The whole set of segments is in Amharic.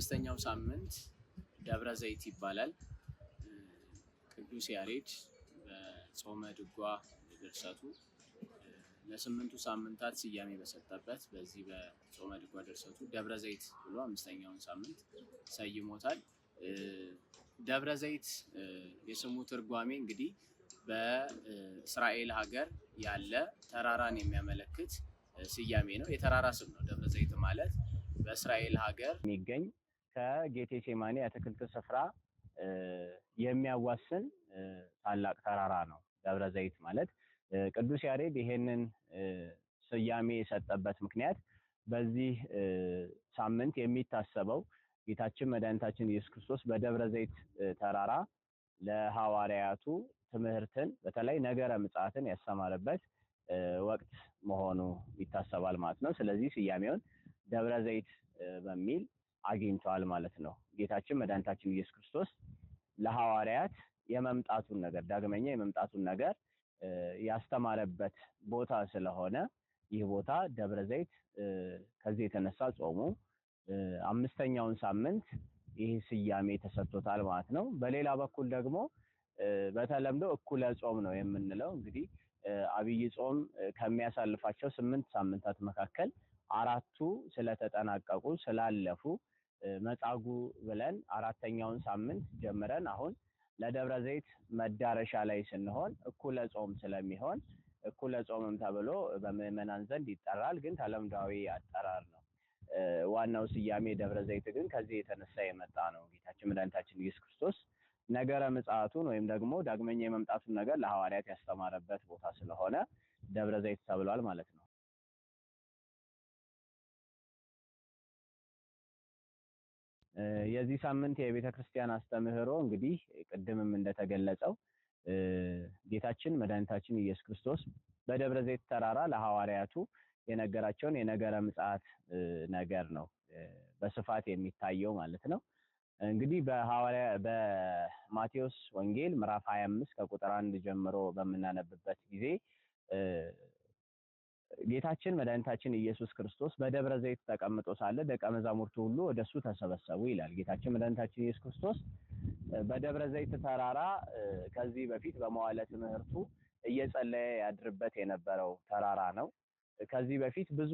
አምስተኛው ሳምንት ደብረ ዘይት ይባላል። ቅዱስ ያሬድ በጾመ ድጓ ድርሰቱ ለስምንቱ ሳምንታት ስያሜ በሰጠበት በዚህ በጾመ ድጓ ድርሰቱ ደብረ ዘይት ብሎ አምስተኛውን ሳምንት ሰይሞታል። ደብረ ዘይት የስሙ ትርጓሜ እንግዲህ በእስራኤል ሀገር ያለ ተራራን የሚያመለክት ስያሜ ነው። የተራራ ስም ነው። ደብረ ዘይት ማለት በእስራኤል ሀገር የሚገኝ ከጌቴ ሴማኔ የአትክልት ስፍራ የሚያዋስን ታላቅ ተራራ ነው ደብረ ዘይት ማለት። ቅዱስ ያሬድ ይሄንን ስያሜ የሰጠበት ምክንያት በዚህ ሳምንት የሚታሰበው ጌታችን መድኃኒታችን ኢየሱስ ክርስቶስ በደብረ ዘይት ተራራ ለሐዋርያቱ ትምህርትን በተለይ ነገረ ምጽአትን ያስተማረበት ወቅት መሆኑ ይታሰባል ማለት ነው። ስለዚህ ስያሜውን ደብረ ዘይት በሚል አግኝተዋል ማለት ነው። ጌታችን መድኃኒታችን ኢየሱስ ክርስቶስ ለሐዋርያት የመምጣቱን ነገር ዳግመኛ የመምጣቱን ነገር ያስተማረበት ቦታ ስለሆነ ይህ ቦታ ደብረ ዘይት ከዚህ የተነሳ ጾሙ አምስተኛውን ሳምንት ይህ ስያሜ ተሰጥቶታል ማለት ነው። በሌላ በኩል ደግሞ በተለምዶ እኩለ ጾም ነው የምንለው እንግዲህ አብይ ጾም ከሚያሳልፋቸው ስምንት ሳምንታት መካከል አራቱ ስለተጠናቀቁ ስላለፉ መጻጉ ብለን አራተኛውን ሳምንት ጀምረን አሁን ለደብረ ዘይት መዳረሻ ላይ ስንሆን እኩለ ጾም ስለሚሆን እኩለ ጾምም ተብሎ በምዕመናን ዘንድ ይጠራል፣ ግን ተለምዳዊ አጠራር ነው። ዋናው ስያሜ ደብረ ዘይት ግን ከዚህ የተነሳ የመጣ ነው። ጌታችን መድኃኒታችን ኢየሱስ ክርስቶስ ነገረ ምጽአቱን ወይም ደግሞ ዳግመኛ የመምጣቱን ነገር ለሐዋርያት ያስተማረበት ቦታ ስለሆነ ደብረ ዘይት ተብሏል ማለት ነው። የዚህ ሳምንት የቤተ ክርስቲያን አስተምህሮ እንግዲህ ቅድምም እንደተገለጸው ጌታችን መድኃኒታችን ኢየሱስ ክርስቶስ በደብረ ዘይት ተራራ ለሐዋርያቱ የነገራቸውን የነገረ ምጽአት ነገር ነው በስፋት የሚታየው ማለት ነው። እንግዲህ በሐዋርያ በማቴዎስ ወንጌል ምዕራፍ 25 ከቁጥር አንድ ጀምሮ በምናነብበት ጊዜ ጌታችን መድኃኒታችን ኢየሱስ ክርስቶስ በደብረ ዘይት ተቀምጦ ሳለ ደቀ መዛሙርቱ ሁሉ ወደሱ ተሰበሰቡ ይላል። ጌታችን መድኃኒታችን ኢየሱስ ክርስቶስ በደብረ ዘይት ተራራ ከዚህ በፊት በመዋለ ትምህርቱ እየጸለየ ያድርበት የነበረው ተራራ ነው። ከዚህ በፊት ብዙ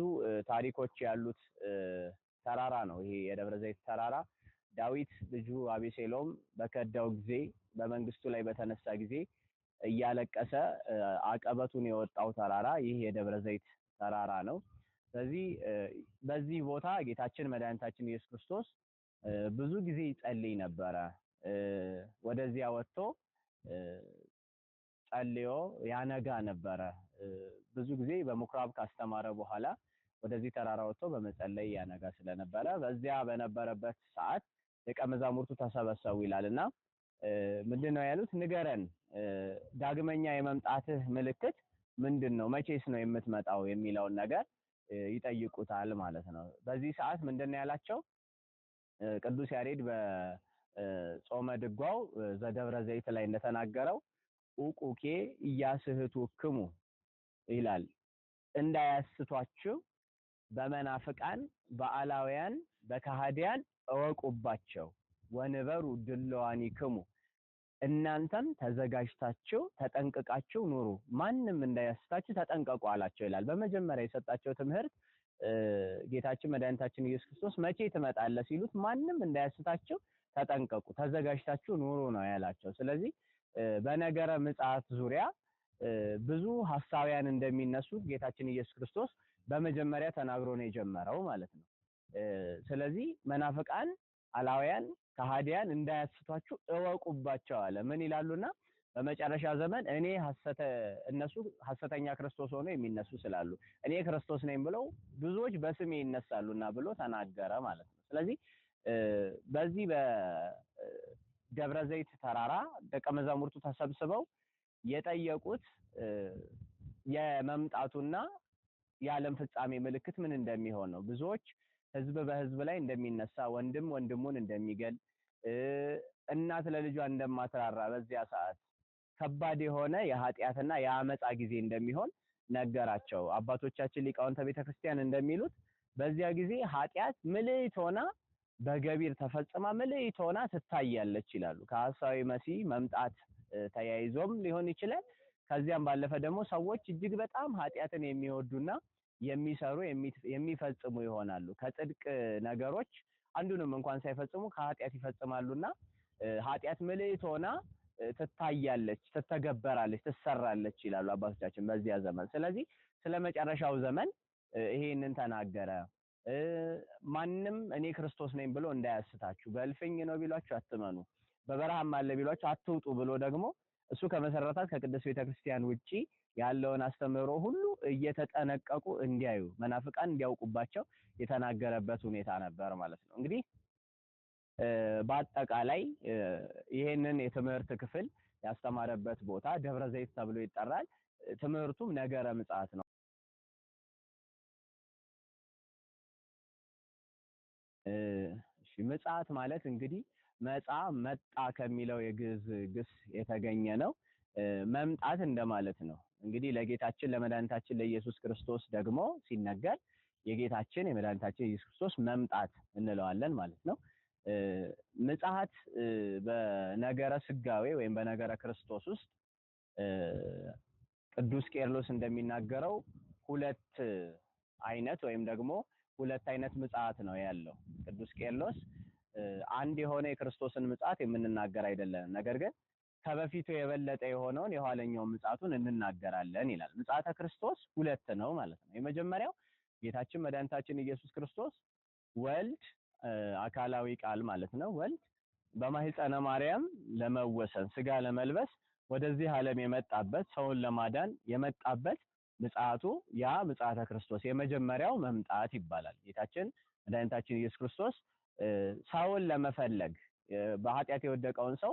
ታሪኮች ያሉት ተራራ ነው። ይሄ የደብረ ዘይት ተራራ ዳዊት ልጁ አቤሴሎም በከዳው ጊዜ በመንግስቱ ላይ በተነሳ ጊዜ እያለቀሰ አቀበቱን የወጣው ተራራ ይህ የደብረ ዘይት ተራራ ነው። ስለዚህ በዚህ ቦታ ጌታችን መድኃኒታችን ኢየሱስ ክርስቶስ ብዙ ጊዜ ይጸልይ ነበረ። ወደዚያ ወጥቶ ጸልዮ ያነጋ ነበረ። ብዙ ጊዜ በምኩራብ ካስተማረ በኋላ ወደዚህ ተራራ ወጥቶ በመጸለይ ያነጋ ስለነበረ በዚያ በነበረበት ሰዓት ደቀ መዛሙርቱ ተሰበሰቡ ይላልና ምንድን ነው ያሉት? ንገረን፣ ዳግመኛ የመምጣትህ ምልክት ምንድን ነው? መቼስ ነው የምትመጣው? የሚለውን ነገር ይጠይቁታል ማለት ነው። በዚህ ሰዓት ምንድን ነው ያላቸው? ቅዱስ ያሬድ በጾመ ድጓው ዘደብረ ዘይት ላይ እንደተናገረው ኡቁኬ ክሙ ይላል እንዳያስቷችሁ በመናፍቃን በአላውያን በካሃዲያን እወቁባቸው ወንበሩ ድለዋኒክሙ እናንተም ተዘጋጅታችሁ ተጠንቅቃችሁ ኑሩ፣ ማንም እንዳያስታችሁ ተጠንቀቁ አላቸው ይላል። በመጀመሪያ የሰጣቸው ትምህርት ጌታችን መድኃኒታችን ኢየሱስ ክርስቶስ መቼ ትመጣለህ ሲሉት ማንም እንዳያስታችሁ ተጠንቀቁ፣ ተዘጋጅታችሁ ኑሩ ነው ያላቸው። ስለዚህ በነገረ ምጽአት ዙሪያ ብዙ ሐሳውያን እንደሚነሱት ጌታችን ኢየሱስ ክርስቶስ በመጀመሪያ ተናግሮ ነው የጀመረው ማለት ነው። ስለዚህ መናፍቃን አላውያን ከሃዲያን እንዳያስቷችሁ እወቁባቸው አለ። ምን ይላሉና በመጨረሻ ዘመን እኔ ሐሰተ እነሱ ሐሰተኛ ክርስቶስ ሆኖ የሚነሱ ስላሉ እኔ ክርስቶስ ነኝ ብለው ብዙዎች በስሜ ይነሳሉና ብሎ ተናገረ ማለት ነው። ስለዚህ በዚህ በደብረ ዘይት ተራራ ደቀ መዛሙርቱ ተሰብስበው የጠየቁት የመምጣቱና የዓለም ፍጻሜ ምልክት ምን እንደሚሆን ነው። ብዙዎች ህዝብ በህዝብ ላይ እንደሚነሳ፣ ወንድም ወንድሙን እንደሚገል፣ እናት ለልጇ እንደማትራራ በዚያ ሰዓት ከባድ የሆነ የኃጢአትና የአመፃ ጊዜ እንደሚሆን ነገራቸው። አባቶቻችን ሊቃውንተ ቤተክርስቲያን እንደሚሉት በዚያ ጊዜ ኃጢአት ምልዕት ሆና በገቢር ተፈጽማ ምልዕት ሆና ትታያለች ይላሉ። ከሐሳዊ መሲህ መምጣት ተያይዞም ሊሆን ይችላል። ከዚያም ባለፈ ደግሞ ሰዎች እጅግ በጣም ኃጢአትን የሚወዱና የሚሰሩ የሚፈጽሙ ይሆናሉ። ከጽድቅ ነገሮች አንዱንም እንኳን ሳይፈጽሙ ከኃጢአት ይፈጽማሉና ኃጢአት ምልዕት ሆና ትታያለች፣ ትተገበራለች፣ ትሰራለች ይላሉ አባቶቻችን በዚያ ዘመን። ስለዚህ ስለ መጨረሻው ዘመን ይሄንን ተናገረ። ማንም እኔ ክርስቶስ ነኝ ብሎ እንዳያስታችሁ፣ በእልፍኝ ነው ቢሏችሁ አትመኑ፣ በበረሃም አለ ቢሏችሁ አትውጡ ብሎ ደግሞ እሱ ከመሰረታት ከቅድስት ቤተክርስቲያን ውጪ ያለውን አስተምህሮ ሁሉ እየተጠነቀቁ እንዲያዩ መናፍቃን እንዲያውቁባቸው የተናገረበት ሁኔታ ነበር ማለት ነው። እንግዲህ በአጠቃላይ ይህንን የትምህርት ክፍል ያስተማረበት ቦታ ደብረ ዘይት ተብሎ ይጠራል። ትምህርቱም ነገረ ምጽአት ነው። እሺ ምጽአት ማለት እንግዲህ መጻ መጣ ከሚለው የግዕዝ ግስ የተገኘ ነው። መምጣት እንደማለት ነው። እንግዲህ ለጌታችን ለመድኃኒታችን ለኢየሱስ ክርስቶስ ደግሞ ሲነገር የጌታችን የመድኃኒታችን ኢየሱስ ክርስቶስ መምጣት እንለዋለን ማለት ነው። ምጽአት በነገረ ስጋዌ ወይም በነገረ ክርስቶስ ውስጥ ቅዱስ ቄርሎስ እንደሚናገረው ሁለት አይነት ወይም ደግሞ ሁለት አይነት ምጽአት ነው ያለው። ቅዱስ ቄርሎስ አንድ የሆነ የክርስቶስን ምጽአት የምንናገር አይደለም፣ ነገር ግን ከበፊቱ የበለጠ የሆነውን የኋለኛው ምጻቱን እንናገራለን ይላል። ምጻተ ክርስቶስ ሁለት ነው ማለት ነው። የመጀመሪያው ጌታችን መድኃኒታችን ኢየሱስ ክርስቶስ ወልድ አካላዊ ቃል ማለት ነው። ወልድ በማህፀነ ማርያም ለመወሰን ስጋ ለመልበስ ወደዚህ ዓለም የመጣበት ሰውን ለማዳን የመጣበት ምጽአቱ ያ ምጽአተ ክርስቶስ የመጀመሪያው መምጣት ይባላል። ጌታችን መድኃኒታችን ኢየሱስ ክርስቶስ ሰውን ለመፈለግ በኃጢአት የወደቀውን ሰው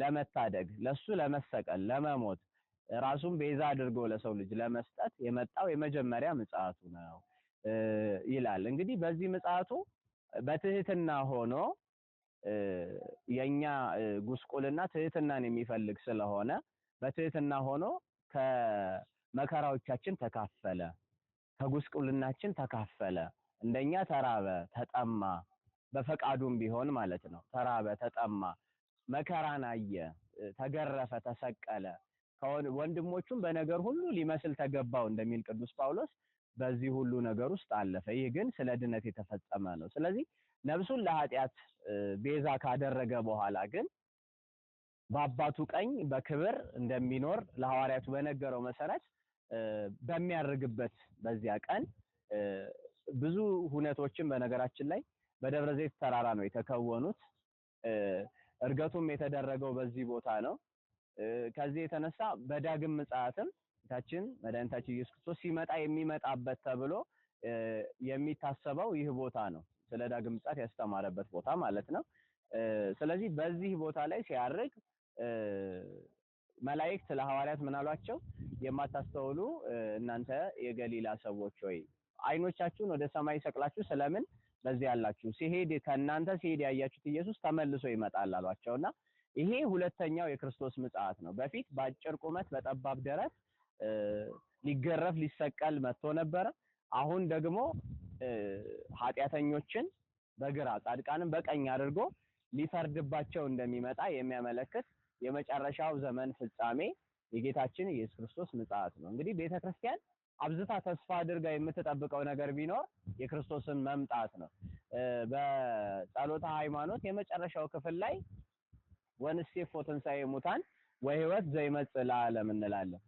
ለመታደግ ለሱ ለመሰቀል ለመሞት ራሱን ቤዛ አድርጎ ለሰው ልጅ ለመስጠት የመጣው የመጀመሪያ ምጽአቱ ነው ይላል። እንግዲህ በዚህ ምጽአቱ በትህትና ሆኖ የኛ ጉስቁልና ትህትናን የሚፈልግ ስለሆነ በትህትና ሆኖ ከመከራዎቻችን ተካፈለ፣ ከጉስቁልናችን ተካፈለ። እንደኛ ተራበ፣ ተጠማ፣ በፈቃዱም ቢሆን ማለት ነው። ተራበ፣ ተጠማ መከራን አየ፣ ተገረፈ፣ ተሰቀለ። ወንድሞቹም በነገር ሁሉ ሊመስል ተገባው እንደሚል ቅዱስ ጳውሎስ በዚህ ሁሉ ነገር ውስጥ አለፈ። ይህ ግን ስለ ድነት የተፈጸመ ነው። ስለዚህ ነብሱን ለኃጢአት ቤዛ ካደረገ በኋላ ግን በአባቱ ቀኝ በክብር እንደሚኖር ለሐዋርያቱ በነገረው መሰረት በሚያርግበት በዚያ ቀን ብዙ ሁነቶችን በነገራችን ላይ በደብረ ዘይት ተራራ ነው የተከወኑት። እርገቱም የተደረገው በዚህ ቦታ ነው። ከዚህ የተነሳ በዳግም ምጽአትም ታችን መድኃኒታችን ኢየሱስ ክርስቶስ ሲመጣ የሚመጣበት ተብሎ የሚታሰበው ይህ ቦታ ነው። ስለ ዳግም ምጽአት ያስተማረበት ቦታ ማለት ነው። ስለዚህ በዚህ ቦታ ላይ ሲያርግ መላእክት ለሐዋርያት ምን አሏቸው? የማታስተውሉ እናንተ የገሊላ ሰዎች ሆይ አይኖቻችሁን ወደ ሰማይ ሰቅላችሁ ስለምን በዚህ ያላችሁ ሲሄድ ከእናንተ ሲሄድ ያያችሁት ኢየሱስ ተመልሶ ይመጣል አሏቸውና ይሄ ሁለተኛው የክርስቶስ ምጽአት ነው። በፊት በአጭር ቁመት በጠባብ ደረት ሊገረፍ ሊሰቀል መጥቶ ነበረ። አሁን ደግሞ ኃጢአተኞችን በግራ ጻድቃንን በቀኝ አድርጎ ሊፈርድባቸው እንደሚመጣ የሚያመለክት የመጨረሻው ዘመን ፍጻሜ የጌታችን ኢየሱስ ክርስቶስ ምጽአት ነው። እንግዲህ ቤተክርስቲያን አብዝታ ተስፋ አድርጋ የምትጠብቀው ነገር ቢኖር የክርስቶስን መምጣት ነው። በጸሎተ ሃይማኖት የመጨረሻው ክፍል ላይ ወንሴፎ ትንሣኤ ሙታን ወህይወት ዘይመጽእ ለዓለም እንላለን።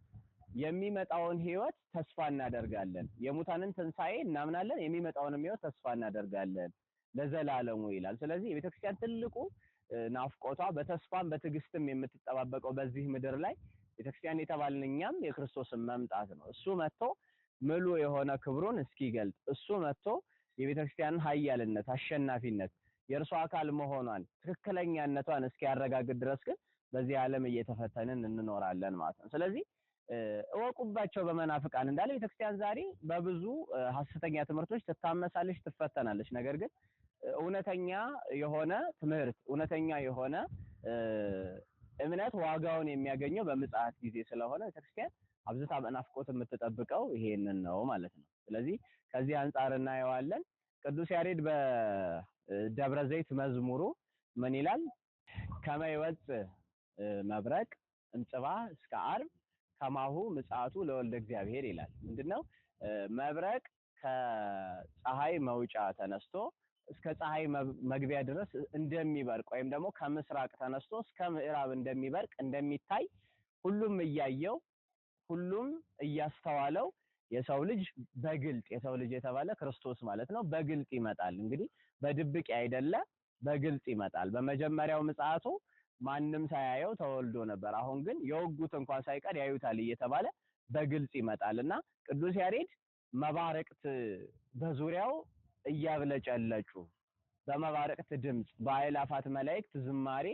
የሚመጣውን ህይወት ተስፋ እናደርጋለን። የሙታንን ትንሣኤ እናምናለን። የሚመጣውንም ህይወት ተስፋ እናደርጋለን ለዘላለሙ ይላል። ስለዚህ የቤተክርስቲያን ትልቁ ናፍቆቷ በተስፋም በትዕግስትም የምትጠባበቀው በዚህ ምድር ላይ ቤተክርስቲያን የተባልን እኛም የክርስቶስን መምጣት ነው። እሱ መጥቶ ምሉ የሆነ ክብሩን እስኪገልጥ እሱ መጥቶ የቤተክርስቲያንን ኃያልነት፣ አሸናፊነት የእርሷ አካል መሆኗን ትክክለኛነቷን እስኪያረጋግጥ ድረስ ግን በዚህ ዓለም እየተፈተንን እንኖራለን ማለት ነው። ስለዚህ እወቁባቸው በመናፍቃን እንዳለ ቤተክርስቲያን ዛሬ በብዙ ሐሰተኛ ትምህርቶች ትታመሳለች፣ ትፈተናለች። ነገር ግን እውነተኛ የሆነ ትምህርት እውነተኛ የሆነ እምነት ዋጋውን የሚያገኘው በምጽአት ጊዜ ስለሆነ ቤተክርስቲያን አብዝታ በናፍቆት የምትጠብቀው ይሄንን ነው ማለት ነው። ስለዚህ ከዚህ አንጻር እናየዋለን። ቅዱስ ያሬድ በደብረ ዘይት መዝሙሩ ምን ይላል? ከመይወፅ መብረቅ እንጽባ እስከ አር ከማሁ ምጽአቱ ለወልደ እግዚአብሔር ይላል። ምንድነው መብረቅ ከፀሐይ መውጫ ተነስቶ እስከ ፀሐይ መግቢያ ድረስ እንደሚበርቅ ወይም ደግሞ ከምስራቅ ተነስቶ እስከ ምዕራብ እንደሚበርቅ እንደሚታይ ሁሉም እያየው ሁሉም እያስተዋለው የሰው ልጅ በግልጥ የሰው ልጅ የተባለ ክርስቶስ ማለት ነው። በግልጥ ይመጣል። እንግዲህ በድብቅ አይደለ፣ በግልጥ ይመጣል። በመጀመሪያው ምጽአቱ ማንም ሳያየው ተወልዶ ነበር። አሁን ግን የወጉት እንኳን ሳይቀር ያዩታል እየተባለ በግልጽ ይመጣል እና ቅዱስ ያሬድ መባረቅት በዙሪያው እያብለጨለጩ በመባረቅት ድምፅ በአእላፋት መላእክት ዝማሬ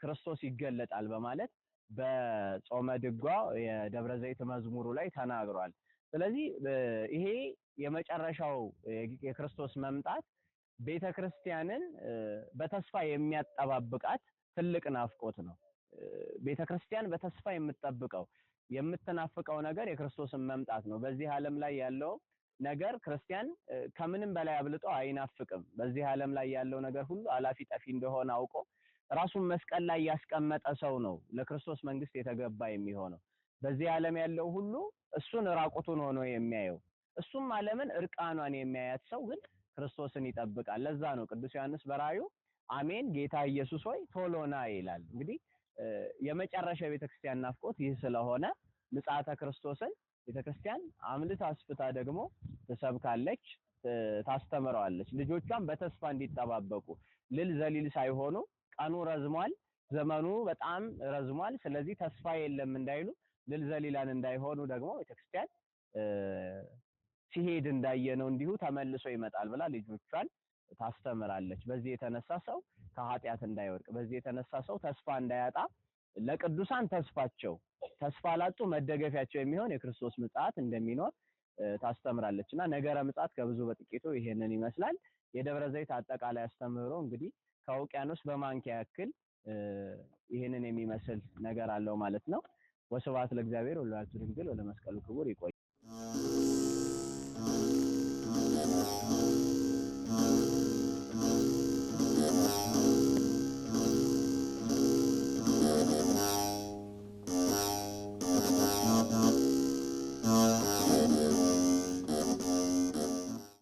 ክርስቶስ ይገለጣል በማለት በጾመ ድጓ የደብረ ዘይት መዝሙሩ ላይ ተናግሯል። ስለዚህ ይሄ የመጨረሻው የክርስቶስ መምጣት ቤተ ክርስቲያንን በተስፋ የሚያጠባብቃት ትልቅ ናፍቆት ነው። ቤተ ክርስቲያን በተስፋ የምትጠብቀው የምትናፍቀው ነገር የክርስቶስን መምጣት ነው። በዚህ ዓለም ላይ ያለው ነገር ክርስቲያን ከምንም በላይ አብልጦ አይናፍቅም። በዚህ ዓለም ላይ ያለው ነገር ሁሉ አላፊ ጠፊ እንደሆነ አውቆ ራሱን መስቀል ላይ ያስቀመጠ ሰው ነው ለክርስቶስ መንግስት የተገባ የሚሆነው። በዚህ ዓለም ያለው ሁሉ እሱን ራቁቱን ሆኖ የሚያየው እሱም ዓለምን እርቃኗን የሚያያት ሰው ግን ክርስቶስን ይጠብቃል። ለዛ ነው ቅዱስ ዮሐንስ በራዩ አሜን ጌታ ኢየሱስ ሆይ ቶሎና ይላል። እንግዲህ የመጨረሻ የቤተክርስቲያን ናፍቆት ይህ ስለሆነ ምጽአተ ክርስቶስን ቤተክርስቲያን አምልት አስፍታ ደግሞ ትሰብካለች፣ ታስተምረዋለች። ልጆቿን በተስፋ እንዲጠባበቁ ልል ዘሊል ሳይሆኑ ቀኑ ረዝሟል፣ ዘመኑ በጣም ረዝሟል፣ ስለዚህ ተስፋ የለም እንዳይሉ ልል ዘሊላን እንዳይሆኑ ደግሞ ቤተክርስቲያን ሲሄድ እንዳየነው እንዲሁ ተመልሶ ይመጣል ብላ ልጆቿን ታስተምራለች። በዚህ የተነሳ ሰው ከኃጢአት እንዳይወድቅ፣ በዚህ የተነሳ ሰው ተስፋ እንዳያጣ ለቅዱሳን ተስፋቸው ተስፋ ላጡ መደገፊያቸው የሚሆን የክርስቶስ ምጽአት እንደሚኖር ታስተምራለች እና ነገረ ምጽአት ከብዙ በጥቂቱ ይሄንን ይመስላል። የደብረ ዘይት አጠቃላይ አስተምህሮ እንግዲህ ከውቅያኖስ በማንኪያ ያክል ይሄንን የሚመስል ነገር አለው ማለት ነው። ወስብሐት ለእግዚአብሔር ወለወላዲቱ ድንግል ወለመስቀሉ ክቡር ይቆይ።